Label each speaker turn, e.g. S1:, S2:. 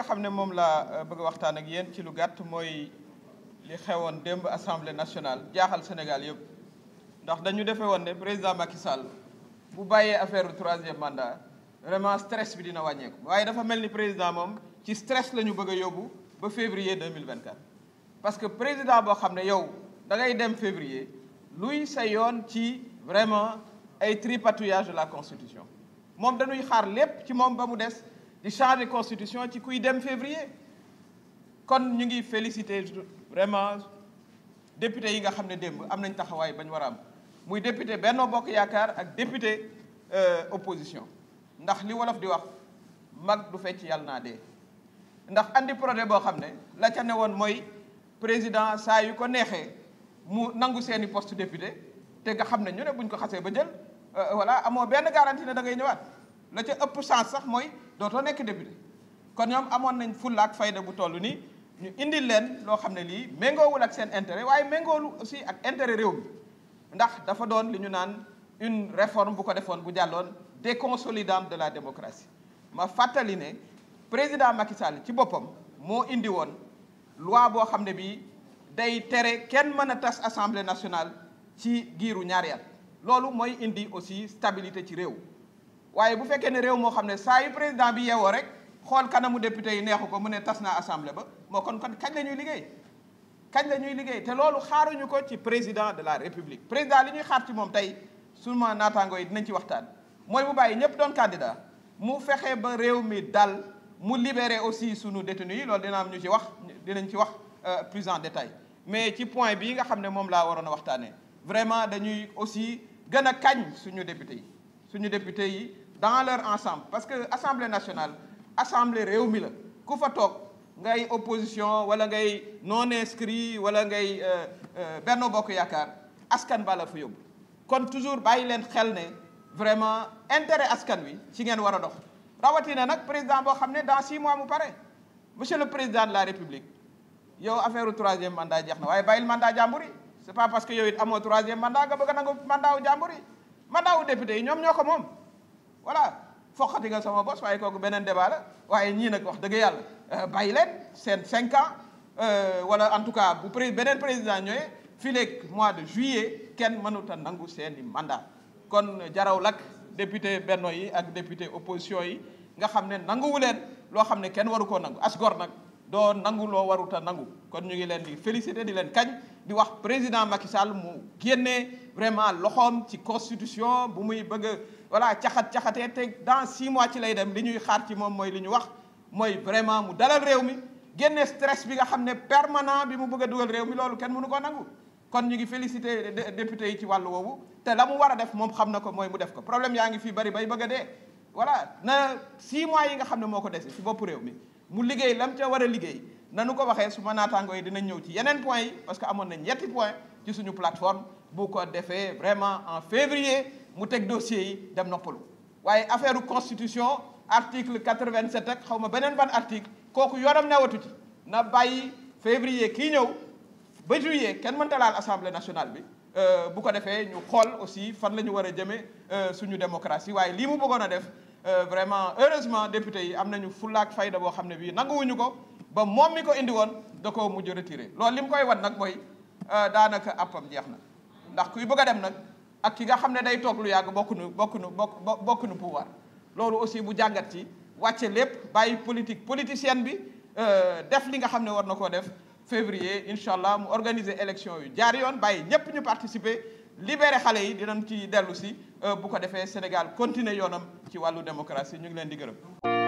S1: nga xam ne moom laa euh, bëgg waxtaan ak yéen ci lu gàtt mooy li xewoon démb assemblée nationale jaaxal Sénégal yëpp ndax dañu defee woon ne président Macky Sall bu bàyyee affaire bu troisième mandat vraiment stress bi dina wàññeeku waaye dafa mel ni président moom ci stress la ñu bëgg a yóbbu ba février 2024 parce que président boo xam ne yow dangay dem février luy sa yoon ci vraiment ay tripatouillage de la constitution moom dañuy xaar lépp ci moom ba mu des di changer constitution ci kuy dem février kon ñu ngi féliciter vraiment député yi nga xam ne démb am nañ taxawaay bañ war a am muy député Benno Bokk Yaakaar ak député euh, opposition ndax li wolof di wax mag du fecc yàlla naa dee ndax andi projet boo xam ne la ca ne woon mooy président saa yu ko neexee mu nangu seeni poste député te nga xam ne ñu ne buñ ko xasee ba jël euh, voilà amoo benn garantie ne da ngay ñëwaat la ca ëpp chance sax mooy dootoo nekk député kon ñoom amoon nañ fulla fayda bu toll nii ñu indil leen loo xam ne lii méngoowul ak seen intérêt waaye méngoolu aussi ak intérêt réew mi ndax dafa doon li ñu naan une réforme bu ko defoon bu jàlloon déconsolidante de la démocratie ma fàttali ne président Macky Sall ci boppam moo indi woon loi boo xam ne bii day tere kenn mën a tas assemblée nationale ci giiru ñaari at loolu mooy indi aussi stabilité ci réew waaye bu fekkee ne réew moo xam ne saa yu président bi yeewoo rek xool kanamu député yi neexu ko mu ne tas naa assemblée ba moo kon kon kañ la ñuy liggéey kañ la ñuy liggéey te loolu xaaruñu ko ci président de la république président li ñuy xaar ci moom tey su ma naataango yi dinañ ci waxtaan mooy mu bàyyi ñëpp doon candidat mu fexe ba réew mi dal mu libéré aussi sunu détenus yi loolu dina am ñu ci wax dinañ ci wax euh, plus en détail mais ci point bii nga xam ne moom laa waroon waxtaanee vraiment dañuy aussi gën a kañ suñu député yi. suñu député yi dans leur ensemble parce que assemblée nationale assemblée réew mi la ku fa toog ngay opposition wala ngay non inscrit wala ngay euh, euh, benn Bokk Yaakaar askan ba la fa yóbbu kon toujours bàyyi leen xel ne vraiment intérêt askan wi ci ngeen war a dox rawatina nag président boo xam ne dans six mois mu pare monsieur le président de la république yow affaire troisième mandat jeex na waaye bàyyil mandat jàmbur yi c'est pas parce que yow it amoo troisième mandat nga a nangu mandat mandat wu député yi ñoom ñoo ko moom voilà foqati nga sama bos waaye kooku beneen débat waaye ñii nag wax dëgg yàlla euh, bàyyi leen seen cinq ans euh, wala en tout cas bu pré beneen président ñëwee fii léegi mois de juillet kenn mënut a nangu seen i mandat kon jaraw lak député benno yi ak député opposition yi nga xam ne nanguwu leen loo xam ne kenn waru koo nangu as gor nag doo nangu loo waruta nangu kon ñu ngi leen di félicité di leen kañ di wax président Macky Sall mu génnee vraiment loxoom ci constitution bu muy bëgg a voilà caxat caxatee te dans six mois ci lay dem li ñuy xaar ci moom mooy li ñu wax mooy vraiment mu dalal réew mi génne stress bi nga xam ne permanent bi mu bëgg a dugal réew mi loolu kenn mënu ko nangu. kon ñu ngi félicité député yi ci wàll woowu te la mu war def moom xam na ko mooy mu def ko problème yaa ngi fii bari bay bëgg dee voilà na six mois yi nga xam ne moo ko dese ci bopp réew mu liggéey lam ca war a liggéey. nanu ko waxee su ma naataangoo yi dinañ ñëw ci yeneen point yi parce que amoon na ñetti point ci suñu plateforme bu ko defee vraiment en février mu teg dossier yi dem noppalu waaye affaire constitution article 87 ak xaw ma beneen ban article kooku yoonam newatu ci na bàyyi février kii ñëw ba juillet kenn mënta laal assemblée nationale bi euh, bu ko defee ñu xool aussi fan la ñu war a jëmee euh, suñu démocratie waaye lii mu bëggoon a def euh, vraiment heureusement député yi am nañu fullaak fayda boo xam ne bii nanguwuñu ko ba moom mi ko indi woon da koo mujj retiré loolu li mu koy wan nag mooy euh, daanaka appam jeex na ndax kuy bëgg a dem nag ak ki nga xam ne day toog lu yàgg bokkuñu bokkuñu bokk bokkuñu pouvoir loolu aussi bu jàngat ci wàcce lépp bàyyi politique politicienne bi euh, def li nga xam ne war na koo def février incha allah mu organiser élection yu jaar yoon bàyyi ñépp ñu participer libere xale yi dinañ ci dellu si euh, bu ko defee Sénégal continuer yoonam ci wàllu démocratie ñu ngi leen di gërëm.